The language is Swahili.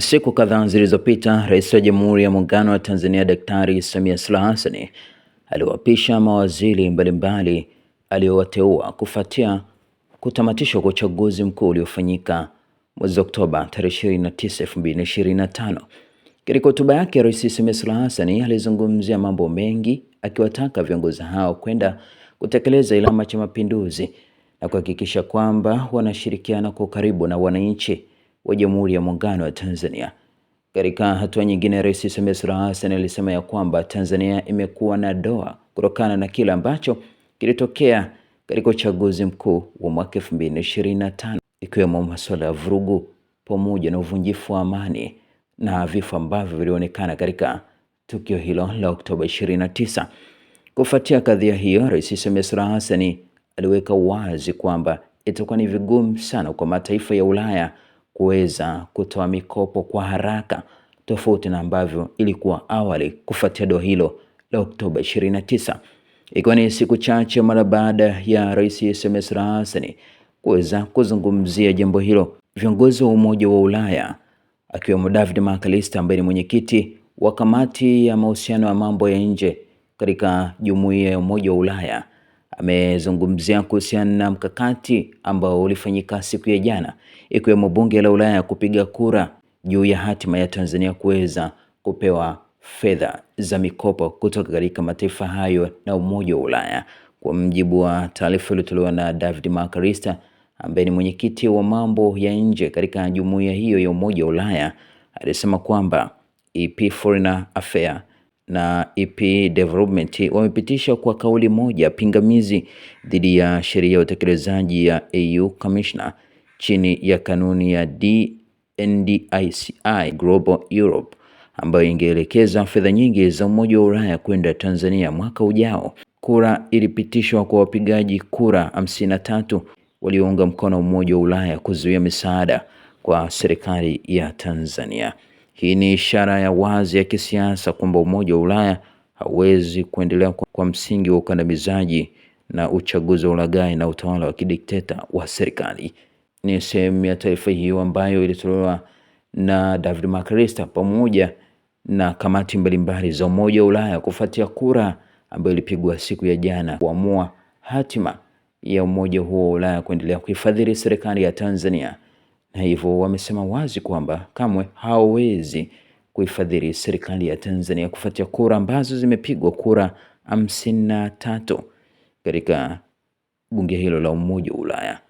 Siku kadhaa zilizopita, Rais wa Jamhuri ya Muungano wa Tanzania Daktari Samia Suluhu Hassan aliwapisha mawaziri mbalimbali aliyowateua kufuatia kutamatishwa kwa uchaguzi mkuu uliofanyika mwezi Oktoba tarehe 29, 2025. Katika hotuba yake, Rais Samia Suluhu Hassan alizungumzia mambo mengi akiwataka viongozi hao kwenda kutekeleza Ilani ya Chama cha Mapinduzi na kuhakikisha kwamba wanashirikiana kwa karibu na wananchi wa Jamhuri ya Muungano wa Tanzania. Katika hatua nyingine, Rais Samia Suluhu Hassan alisema ya kwamba Tanzania imekuwa na doa kutokana na kile ambacho kilitokea katika uchaguzi mkuu wa mwaka 2025 ikiwemo masuala ya vurugu pamoja na uvunjifu wa amani na vifo ambavyo vilionekana katika tukio hilo la Oktoba 29. Kufuatia kadhia hiyo, Rais Samia Suluhu Hassan aliweka wazi kwamba itakuwa ni vigumu sana kwa mataifa ya Ulaya kuweza kutoa mikopo kwa haraka tofauti na ambavyo ilikuwa awali kufuatia doo hilo la Oktoba 29 ikiwa ni siku chache mara baada ya Rais Samia Suluhu Hassan kuweza kuzungumzia jambo hilo. Viongozi wa Umoja wa Ulaya akiwemo David McAllister ambaye ni mwenyekiti wa kamati ya mahusiano ya mambo ya nje katika jumuiya ya Umoja wa Ulaya amezungumzia kuhusiana na mkakati ambao ulifanyika siku ya jana, ikiwemo bunge la Ulaya kupiga kura juu ya hatima ya Tanzania kuweza kupewa fedha za mikopo kutoka katika mataifa hayo na Umoja wa Ulaya. Kwa mjibu wa taarifa iliyotolewa na David Macarista ambaye ni mwenyekiti wa mambo ya nje katika jumuiya hiyo ya Umoja wa Ulaya, alisema kwamba EP Foreign Affairs na EP Development wamepitisha kwa kauli moja pingamizi dhidi ya sheria ya utekelezaji ya AU Commissioner chini ya kanuni ya DNDici Global Europe ambayo ingeelekeza fedha nyingi za Umoja wa Ulaya kwenda Tanzania mwaka ujao. Kura ilipitishwa kwa wapigaji kura 53 waliounga mkono Umoja wa Ulaya kuzuia misaada kwa serikali ya Tanzania. Hii ni ishara ya wazi ya kisiasa kwamba Umoja wa Ulaya hauwezi kuendelea kwa msingi wa ukandamizaji na uchaguzi wa ulaghai na utawala wa kidikteta wa serikali. Ni sehemu ya taarifa hiyo ambayo ilitolewa na David Makrista pamoja na kamati mbalimbali za Umoja wa Ulaya kufuatia kura ambayo ilipigwa siku ya jana kuamua hatima ya umoja huo wa Ulaya kuendelea kuifadhili serikali ya Tanzania na hivyo wamesema wazi kwamba kamwe hawawezi kuifadhili serikali ya Tanzania kufuatia kura ambazo zimepigwa kura hamsini na tatu katika bunge hilo la Umoja wa Ulaya.